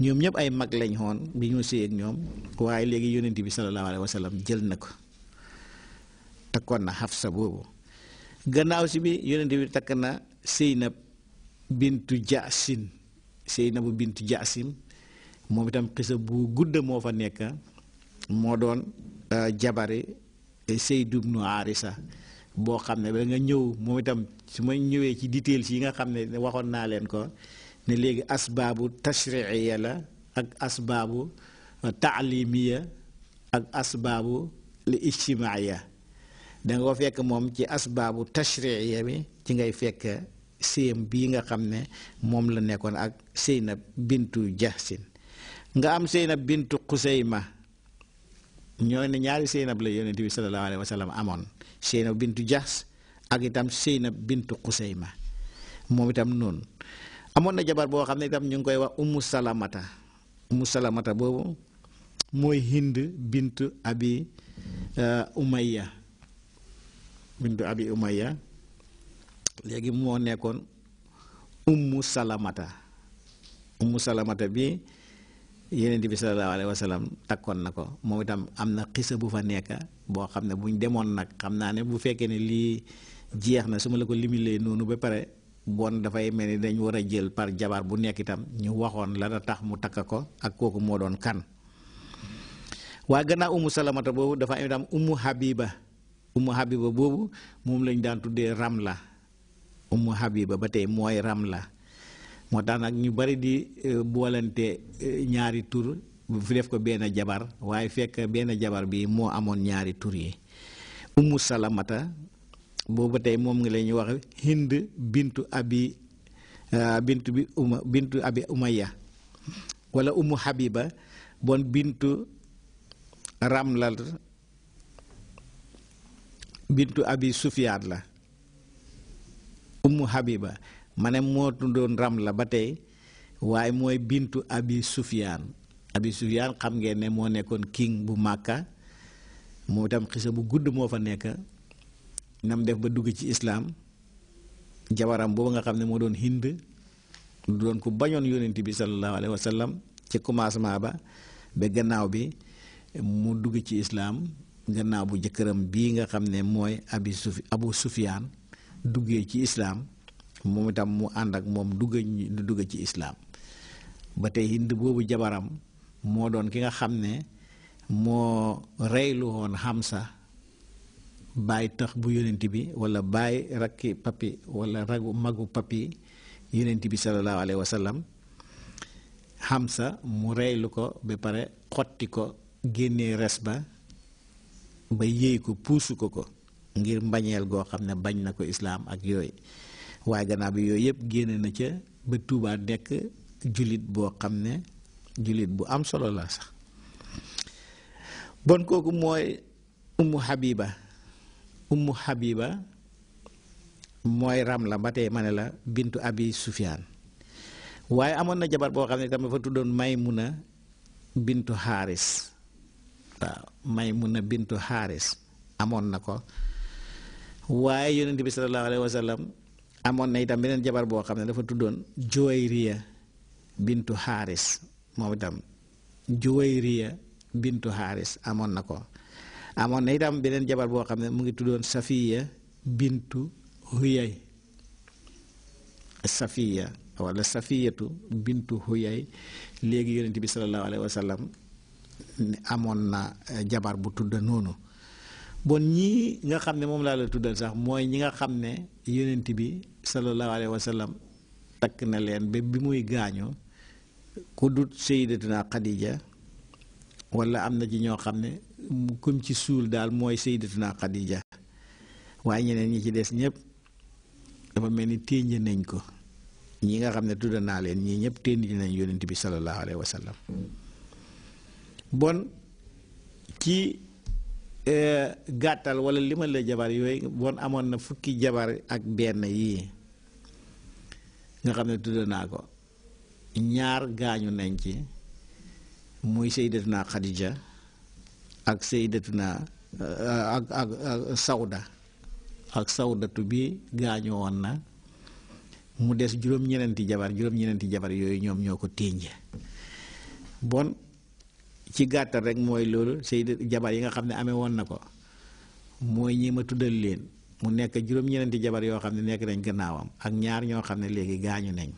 ñoom ñëpp ay mag lañ xoon bi ñu séy ak ñoom waaye léegi yonent bi sallallahu alayhi wa jël na ko takkoon na xaf sa boobu gannaaw si bi yonent bi takk na Seynab bintu Jaasin Seynabu bintu Jaasin moom itam xisa bu gudd moo fa nekk moo doon euh, jabari euh, Seyd ibnu Arisa boo xam ne ba nga ñëw moom itam su ma ñëwee ci si yi nga xam ne waxoon naa leen ko ne léegi asbaabu tashriiya la ak asbaabu taalimiya ak asbaabu li ijtimaaya danga nga ko fekk moom ci asbaabu tashriiya bi ci ngay fekk séem bii nga xam ne moom la nekkoon ak Seynab bintu Jahsin nga am Seynab bintu Xuseyma ñoo ne ñaari Seynab la yonent bi sallallahu alayhi amoon Seynab bintu Jahs ak itam Seynab bintu Xuseyma moom itam noonu amoon na jabar boo xam ne itam ñu ngi koy wax ummu salamata ummu salamata boobu mooy hind bintu abi uh, umaya bintu abi léegi moo nekkoon ummu salamata ummu bi yeneen bi sallallahu alayhi wa takkoon na ko moom itam am na xisa bu fa nekk boo xam ne buñ demoon nag xam naa ne bu fekkee ne lii jeex na su ma la ko limilee noonu ba pare bon dafay mel ni dañ war a jël par jabar bu nekk itam ñu waxoon la da tax mu takk ko ak kooku moo doon kan waa gannaaw umu salamata boobu dafa am itam umu habiba umu habiba boobu moom lañ daan tuddee ram la umu habiba ba tey mooy ram la moo tax nag ñu bari di eh, boolante eh, ñaari tur fi def ko benn jabar waaye fekk benn jabar bi moo amoon ñaari tur yi umu salamata boobu tey moom ngi la ñuy wax hind bintu abi euh, bintu bi uma bintu abi umaya walla umu habiba bon bintu ramla bintu abi sufiyaat la umu habiba ma ne moo tuddoon la ba tey waaye mooy bintu abi sufiyaan abi sufiyaan xam ngeen ne moo nekkoon king bu màkka moo itam xisa bu gudd moo fa nekk nam def ba dugg ci islaam jabaram boobu nga xam ne moo doon hind lu doon ku bañoon yonent bi sallallahu alayhi wa sallam ci commencement ba ba gannaaw bi mu dugg ci islaam gannaaw bu jëkkëram bii nga xam ne mooy abi sufi abu sufiyaan duggee ci islaam moom itam mu ànd ak moom dugg dugg ci islaam ba tey hind boobu jabaram moo doon ki nga xam ne moo reylu woon Hamsa baay tax bu yonent bi wala baay rakki papi wala ragu magu papi yonent bi salallaahu alayhi wa xam Hamza mu reylu ko ba pare xotti ko génne res ba ba yéey ko puusu ko ko ngir mbañeel goo xam ne bañ na ko islaam ak yooyu waaye gannaaw bi yooyu yëpp génne na ca ba Tuubaa nekk jullit boo xam ne jullit bu am solo la sax bon kooku mooy Ummu Habiba ummu Habiba mooy Ramla ba tey ma ne la bintu Abi Sufyaan waaye amoon na jabar boo xam ne tamit dafa tuddoon Maymuna bintu Haris waaw Maymuna bintu xaaris amoon na ko waaye yonent bi sallallahu alayhi wa amoon na itam beneen jabar boo xam ne dafa tuddoon Juwayriya bintu xaaris moom itam Juwayriya bintu xaaris amoon na ko. amoon na itam beneen jabar boo xam ne mu ngi tuddoon safiya bintu huyay safiya wala safiyatu bintu huyay léegi yonent bi salallaahu alayhi amoon na eh, jabar bu tudd noonu bon ñii nga xam ne moom laa la tuddal sax mooy ñi nga xam ne yonent bi salallaahu alayhi wa takk na leen ba bi muy gaañoo kuddu dut sayyidatuna Xadija wala am na ci ñoo xam ne mu ci suul daal mooy sayyidatuna ja waaye ñeneen ñi ci des ñëpp dafa mel ni ténj nañ ko ñi nga xam ne tudd naa leen ñii ñëpp ténj nañ yonent bi sallallahu alayhi wa sallam bon ci eh, gàttal wala li la jabar yooyu bon amoon na fukki jabar ak benn yii nga xam ne tudd naa ko ñaar gaañu nañ ci muy sayyidatuna Khadija ak sayyidatuna euh, ak ak ak Sawda ak Sawdatu bi gaañoo woon na mu des juróom-ñeneenti jabar juróom-ñeneenti jabar yooyu ñoom ñoo ko ténje bon ci gàttal rek mooy loolu sayyidat jabar yi nga xam ne amee woon na ko mooy ñi ma tuddal leen mu nekk juróom-ñeneenti jabar yoo xam ne nekk nañ gannaawam ak ñaar ñoo xam ne léegi gaañu nañ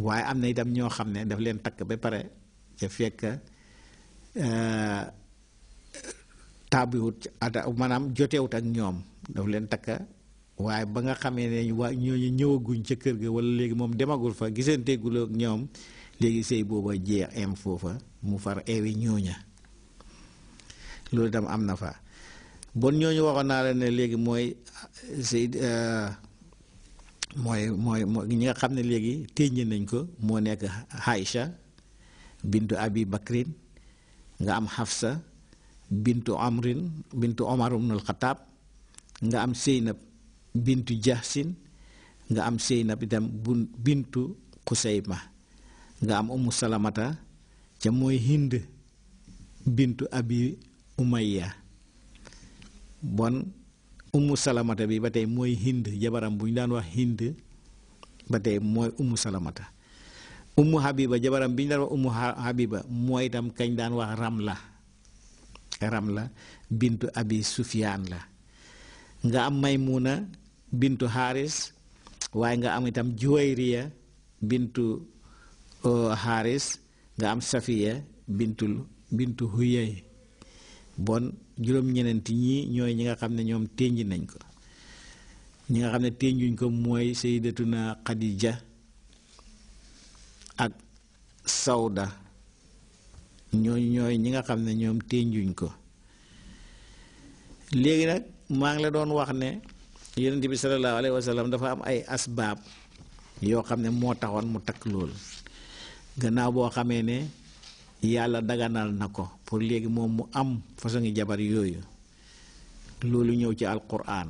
waaye am na itam ñoo xam ne daf leen takk ba pare ca fekk euh, taabiwut ata maanaam jotewut ak ñoom daf leen takk waaye ba nga xamee ne waa ñooñu ñëwaguñ ca kër ga wala léegi moom demagul fa gisanteegul ak ñoom léegi sëy booba jeex am foofa mu far eewi ñooña loolu itam am na fa bon ñooñu waxoon naa la ne léegi mooy sëy mooy mooy ñi nga xam ne léegi téññe nañ ko moo nekk Aïcha bintu Abi Bakrin nga am Hafsa bintu Amrin bintu Omar ibnul Xataab nga am Seynab bintu Jahsin nga am Seynab itam bu bintu Xusayma nga am Umu Salamata ca mooy Hind bintu Abi Umayya bon ummu salamata bi ba tey mooy hind jabaram bu ñu daan wax hind ba tey mooy ummu salamata ummu habiba jabaram bi ñu daan wax ummu habiba mooy itam kañ daan wax ram la ram la bintu abi sufiyaan la nga am maymuna bintu haris waaye nga am itam juwayriya bintu haris uh, nga am safiya bintu bintu bon juróom ti ñii ñooy ñi nga xam ne ñoom ténji nañ ko ñi nga xam ne ténjuñ ko mooy sayyidatuna Xadija ak Sawda ñooy ñooy ñi nga xam ne ñoom ténjuñ ko léegi nag maa ngi la doon wax ne yonent bi sallallahu alayhi wa dafa am ay asbaab yoo xam ne moo taxoon mu takk loolu gannaaw boo xamee ne yàlla daganal na ko pour léegi moom mu am façon jabar yooyu loolu ñëw ci alquran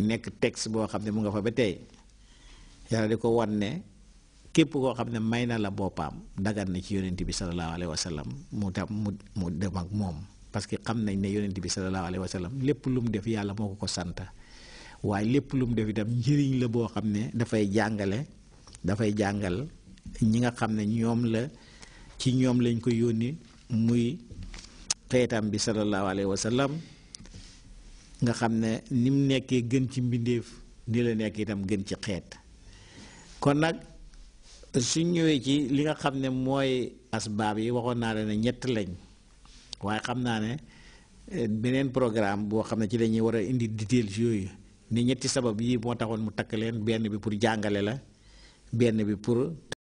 nekk texte boo xam ne mu nga fa ba tey yàlla di ko wan ne képp koo xam ne may na la boppam dagan na ci yonent bi salallaahu alayhi wa sallam mu tam mu mu dem ak moom parce que xam nañ ne yonent bi salallaahu alayhi wa sallam lépp lu mu def yàlla moo ko ko sant waaye lépp lu mu def itam njëriñ la boo xam ne dafay jàngale dafay jàngal ñi nga xam ne ñoom la ci ñoom lañ ko yónni muy xeetam bi sallallahu alayhi wa sallam nga xam ne ni mu nekkee gën ci mbindeef ni la nekk itam gën ci xeet kon nag suñ ñëwee ci li nga xam ne mooy asbaab yi waxoon naa leen ne ñett lañ waaye xam naa ne eh, beneen programme boo xam ne ci lañuy war a indi details yooyu ne ñetti sabab yi moo taxoon mu takk leen benn bi pour jàngale la benn bi pour